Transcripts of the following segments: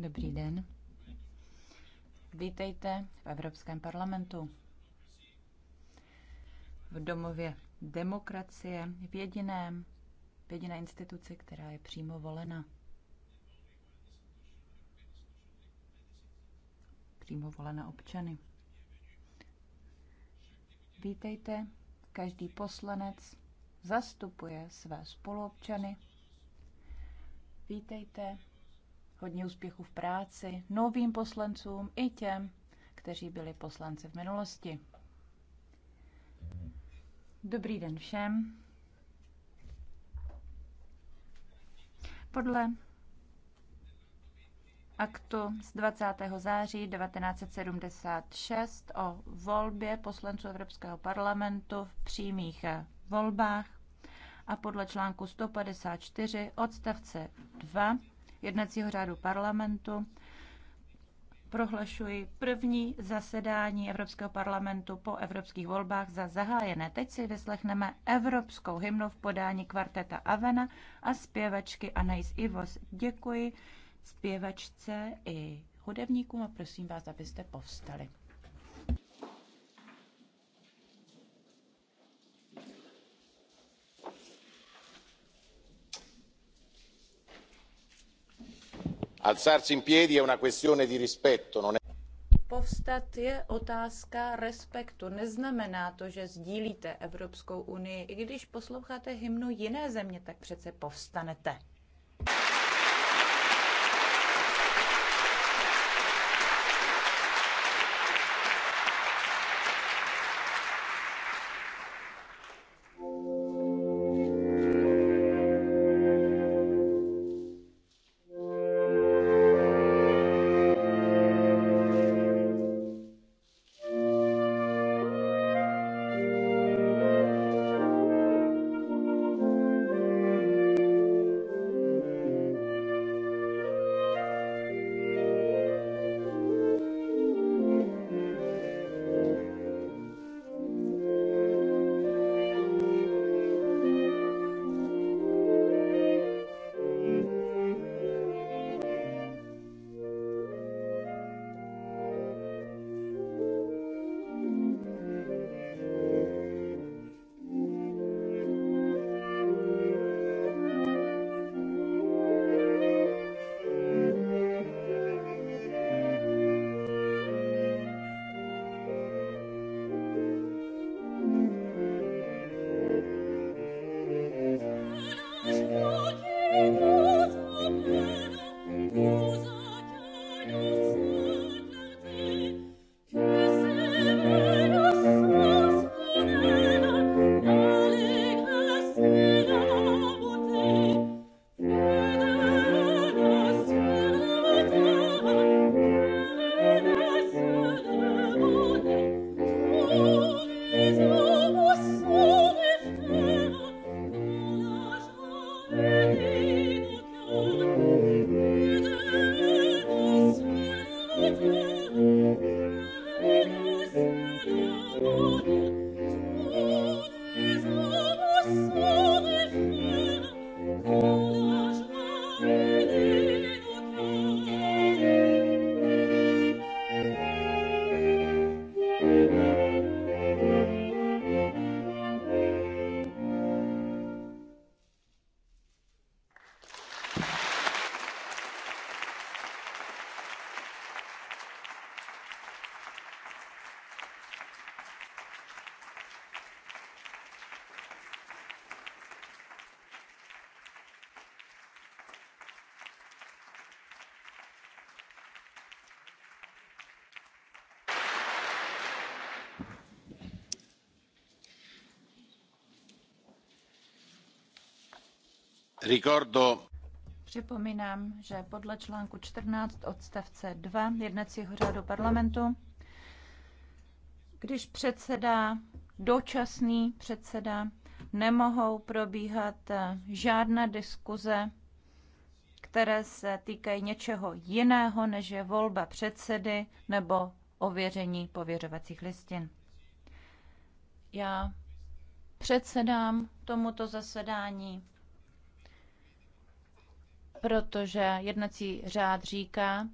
Dobrý den. Vítejte v Evropském parlamentu. V domově demokracie, v jediném, v jediné instituci, která je přímo volena. Přímo volena občany. Vítejte, každý poslanec zastupuje své spoluobčany. Vítejte, hodně úspěchů v práci novým poslancům i těm, kteří byli poslanci v minulosti. Dobrý den všem. Podle aktu z 20. září 1976 o volbě poslanců Evropského parlamentu v přímých volbách a podle článku 154 odstavce 2 jednacího řádu parlamentu prohlašuji první zasedání Evropského parlamentu po evropských volbách za zahájené. Teď si vyslechneme evropskou hymnu v podání kvarteta Avena a zpěvačky Anais Ivos. Děkuji zpěvačce i hudebníkům a prosím vás, abyste povstali. alzarsi in piedi è una questione di rispetto non è Povstat je otázka respektu. Neznamená to, že sdílíte Evropskou unii. I když posloucháte hymnu jiné země, tak přece povstanete. Připomínám, že podle článku 14 odstavce 2 jednacího řádu parlamentu, když předseda, dočasný předseda, nemohou probíhat eh, žádné diskuze, které se týkají něčeho jiného, než je volba předsedy nebo ověření pověřovacích listin. Já předsedám tomuto zasedání protože jednací řád říká,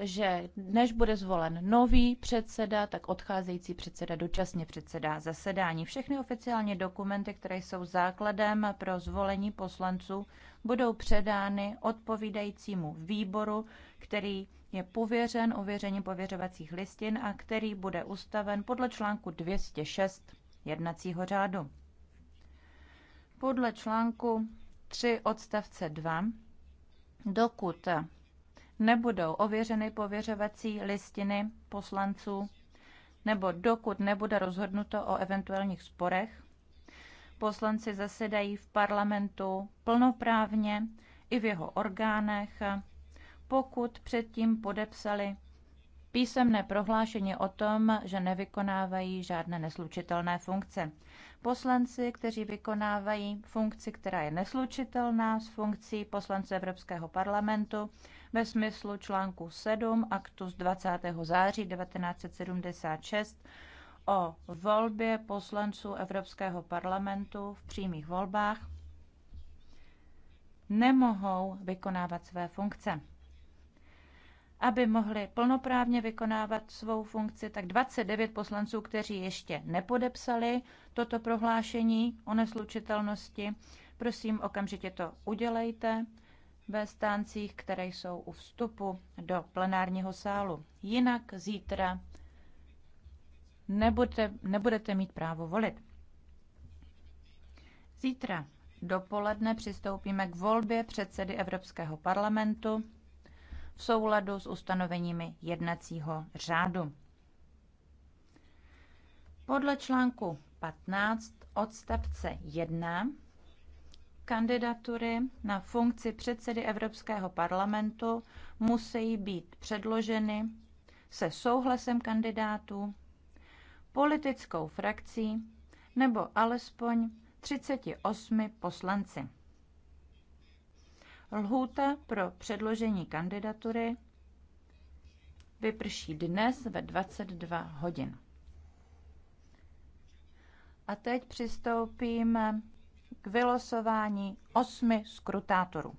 že než bude zvolen nový předseda, tak odcházející předseda dočasně předsedá zasedání. Všechny oficiální dokumenty, které jsou základem pro zvolení poslanců, budou předány odpovídajícímu výboru, který je pověřen ověřením pověřovacích listin a který bude ustaven podle článku 206 jednacího řádu. Podle článku 3 odstavce 2 dokud nebudou ověřeny pověřovací listiny poslanců nebo dokud nebude rozhodnuto o eventuálních sporech. Poslanci zasedají v parlamentu plnoprávně i v jeho orgánech, pokud předtím podepsali písemné prohlášení o tom, že nevykonávají žádné neslučitelné funkce. Poslanci, kteří vykonávají funkci, která je neslučitelná s funkcí poslance Evropského parlamentu ve smyslu článku 7 aktu z 20. září 1976 o volbě poslanců Evropského parlamentu v přímých volbách, nemohou vykonávat své funkce aby mohli plnoprávně vykonávat svou funkci, tak 29 poslanců, kteří ještě nepodepsali toto prohlášení o neslučitelnosti, prosím, okamžitě to udělejte ve stáncích, které jsou u vstupu do plenárního sálu. Jinak zítra nebudete, nebudete mít právo volit. Zítra dopoledne přistoupíme k volbě předsedy Evropského parlamentu v souladu s ustanoveními jednacího řádu. Podle článku 15 odstavce 1 kandidatury na funkci předsedy Evropského parlamentu musí být předloženy se souhlasem kandidátů, politickou frakcí nebo alespoň 38 poslanci. Lhůta pro předložení kandidatury vyprší dnes ve 22 hodin. A teď přistoupíme k vylosování osmi skrutátorů.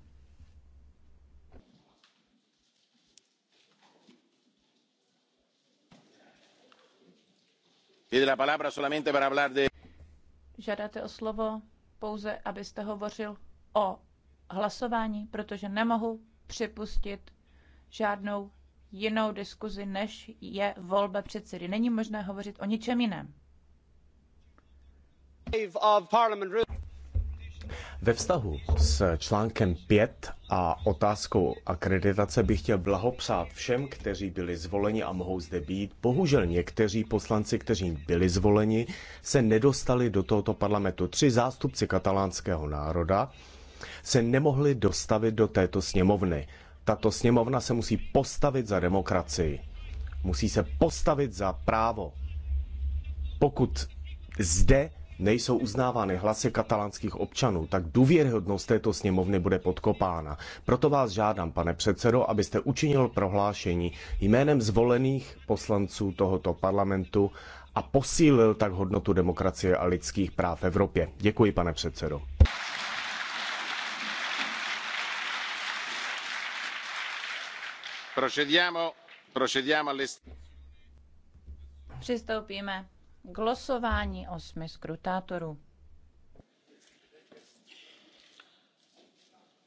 Žádáte o slovo pouze, abyste hovořil o hlasování, protože nemohu připustit žádnou jinou diskuzi, než je volba předsedy. Není možné hovořit o ničem jiném. Ve vztahu s článkem 5 a otázkou akreditace bych chtěl blahopřát všem, kteří byli zvoleni a mohou zde být. Bohužel někteří poslanci, kteří byli zvoleni, se nedostali do tohoto parlamentu. Tři zástupci katalánského národa, se nemohli dostavit do této sněmovny. Tato sněmovna se musí postavit za demokracii. Musí se postavit za právo. Pokud zde nejsou uznávány hlasy katalánských občanů, tak důvěryhodnost této sněmovny bude podkopána. Proto vás žádám, pane předsedo, abyste učinil prohlášení jménem zvolených poslanců tohoto parlamentu a posílil tak hodnotu demokracie a lidských práv v Evropě. Děkuji, pane předsedo. Přistoupíme k losování osmi skrutátorů.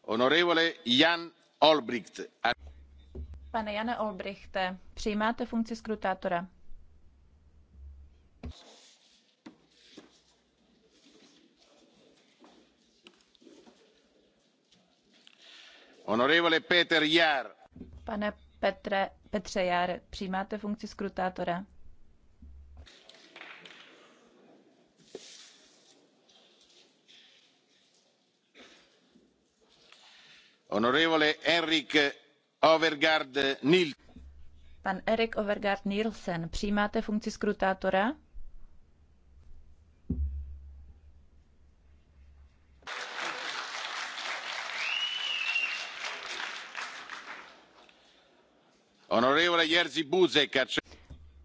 Honorevole Jan Olbricht. Pane Jane olbrychte přijímáte funkci skrutátora? Honorevole Peter Jahr Pane Petre, Petře Jare, přijímáte funkci skrutátora? Honorevole Erik Overgaard Nielsen, Pan Erik Overgaard Nielsen, přijímáte funkci skrutátora?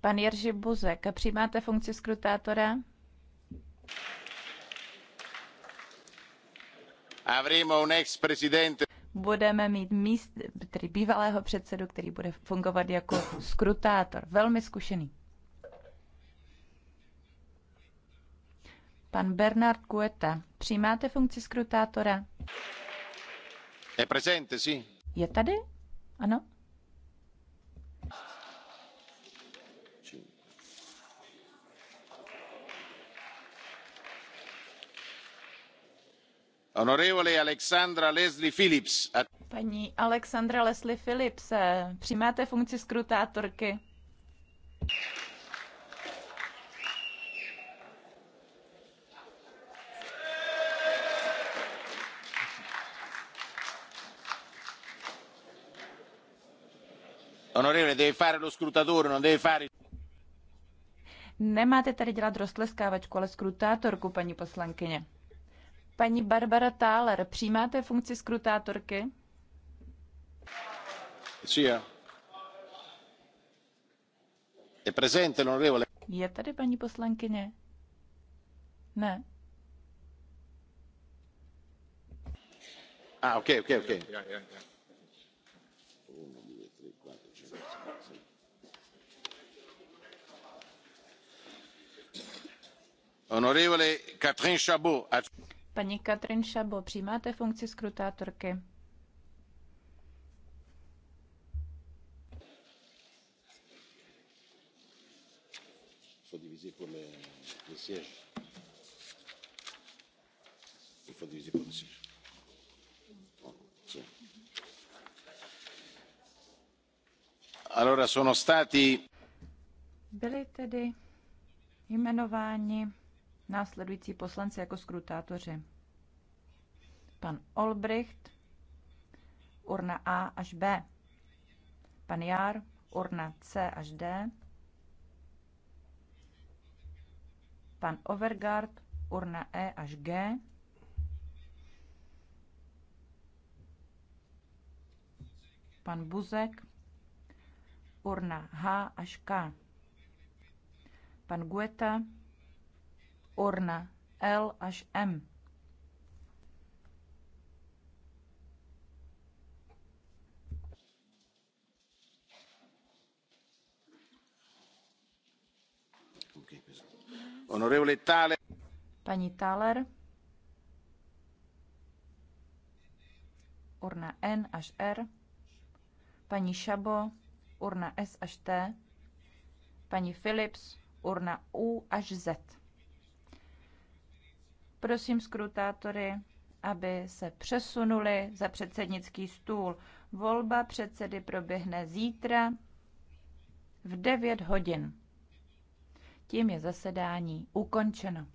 Pan Jerzy Buzek, přijímáte funkci skrutátora? Avremo un ex budeme mít míst, tedy bývalého předsedu, který bude fungovat jako skrutátor. Velmi zkušený. Pan Bernard Kueta, přijímáte funkci skrutátora? Je presente, sí. Je tady? Ano. Paní Alexandra Leslie Phillips, eh, přijímáte funkci skrutátorky? Nemáte tady dělat roztleskávačku, ale skrutátorku, paní poslankyně. Paní Barbara Thaler, přijímáte funkci skrutátorky? Eh. Je tady paní poslankyně? Ne. Ah, ok, ok, ok. Honorevole Catherine Chabot. Paní Katrin Šabo, přijímáte funkci skrutátorky? Oh, Byli tedy jmenováni následující poslanci jako skrutátoři. Pan Olbricht, urna A až B. Pan Jár, urna C až D. Pan Overgard, urna E až G. Pan Buzek, urna H až K. Pan Gueta, urna L až M. Paní Thaler. Urna N až R. Paní Šabo. Urna S až T. Paní Philips. Urna U až Z. Prosím skrutátory, aby se přesunuli za předsednický stůl. Volba předsedy proběhne zítra v 9 hodin. Tím je zasedání ukončeno.